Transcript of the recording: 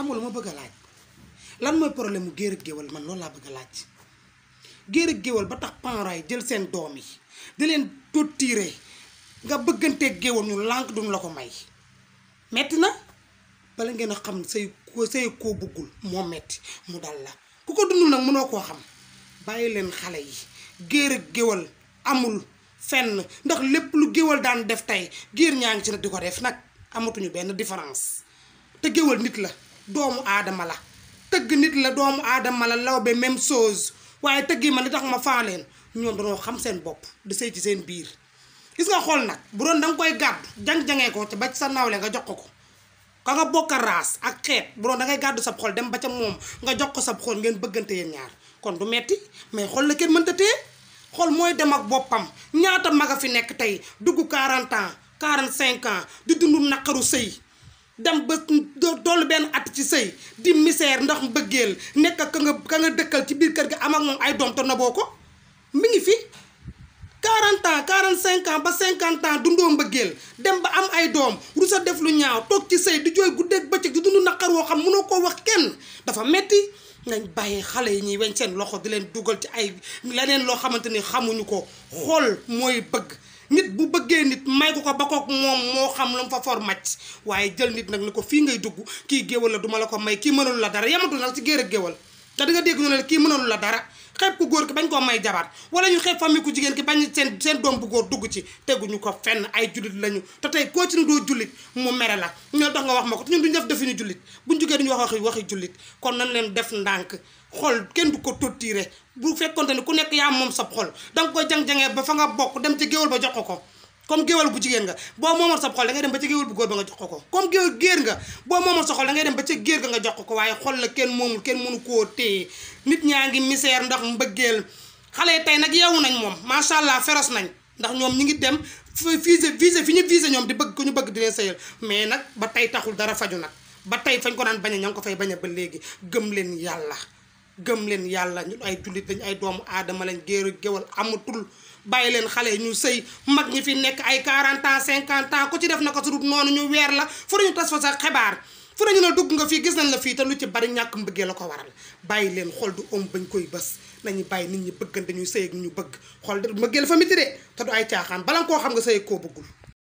amul ma bëgg a laaj lan mooy problème mu géer ak géwal man loolu laa bëgg a laaj géer ak géwal ba tax parents yi jël seen doom yi di leen tóttiire nga bëgganteeg géwal ñu lànk duñ la ko may metti na bala ngeen a xam say ko say koo bëggul moo metti mu dal la ku ko dundul nag mënoo koo xam bàyyi leen xale yi géer ak géwal amul fenn ndax lépp lu géwal daan def tey géer ñaa ngi ci nag di ko def nag amatuñu benn différence te géwal nit la doomu aadama la tëgg nit la doomu aadama la lawbe même chose waaye tëggi ma ni tax ma faa leen ñoom dañoo xam seen bopp di sëy ci seen biir gis nga xool nag bu doon danga koy gàddu jang jange ko ci ba sa nawle nga jox ko ko ka nga bokk raas ak xeet bu doon dangay gàddu sab xol dem ba ca moom nga jox ko sab xol ngeen bëggante yéen ñaar kon du metti mais xol la kenn mënta tee xol mooy dem ak boppam ñaata mag a fi nekk tey dugg 40 ans 45 ans di dund naqaru sëy dem sëy di misère ndax mbëggeel nekk ka nga ka nga dëkkal ci biir kër gi am ak moom ay doom te boo ko mu ngi fi 40 ans 45 ans ba 50 ans dundoo mbëggeel dem ba am ay doom rusa def lu ñaaw toog ci sëy di jooy guddeeg bëccëg di dund naqar woo xam mënoo koo wax kenn dafa metti nañ bàyyi xale yi ñuy weñ seen loxo di leen dugal ci ay leneen loo xamante ni xamuñu ko xool mooy bëgg nit bu bëggee nit may ko ko ba ko moom moo xam lu mu fa for màcc waaye jël nit nag ni ko fii ngay dugg kii géwal la duma la ko may kii mënalu dara yamatu nag ci géer ak géwal da nga dégg ñu ne kii mënalu la dara xeeb ku góor ki bañ koo may jabar wala ñu xeeb famille ku jigéen ki bañ seen seen doom bu góor dugg ci teguñu ko fenn ay jullit lañu te tey koo ci ne doo jullit mu mere la ñoo tax nga wax ma ko te ñun duñu def defuñu jullit buñ jugee duñu wax waxi waxi jullit kon nañ leen def ndànk xol kenn du ko torturé bu fekkonte ne ku nekk yaa moom sab xol danga koy jang-jangee ba fa nga bokk dem ci géwal ba jox ko ko comme géwal bu jigéen nga boo moomoon sa xol da dem ba ca géwal bu góor ba nga jox ko comme géwal géer nga boo moomoon sa xol da dem ba ca géer ga nga jox ko waaye xol la kenn moomul kenn mënu koo téye nit ñaa ngi misère ndax mbëggeel xale yi tey nag yeewu nañ moom macha allah féroce nañ ndax ñoom ñi ngi dem visé visé fi ñu visé ñoom di bëgg ko ñu bëgg di leen sëyal mais nag ba tey taxul dara faju nag ba tey fañ ko naan bañ a ko fay bañ ba léegi gëm leen yàlla gëm leen yàlla ñu ay jullit dañ ay doomu aadama lañ géeru géwal amatul bàyyi leen xale ñu sëy mag ñi fi nekk ay 40 ans 50 ans ku ci def na ko sudut noonu ñu weer la fu ñu tas fa sa xibaar fu ñu ne dugg nga fii gis nañ la fii te lu ci bari ñàkk mbëggee la ko waral bàyyi leen xol du om bañ koy bës nañu bàyyi nit ñi bëggante ñuy sëy ak ñu bëgg xol de mbëggee la fa miti de te du ay caaxaan bala nga koo xam nga sëy koo bëggul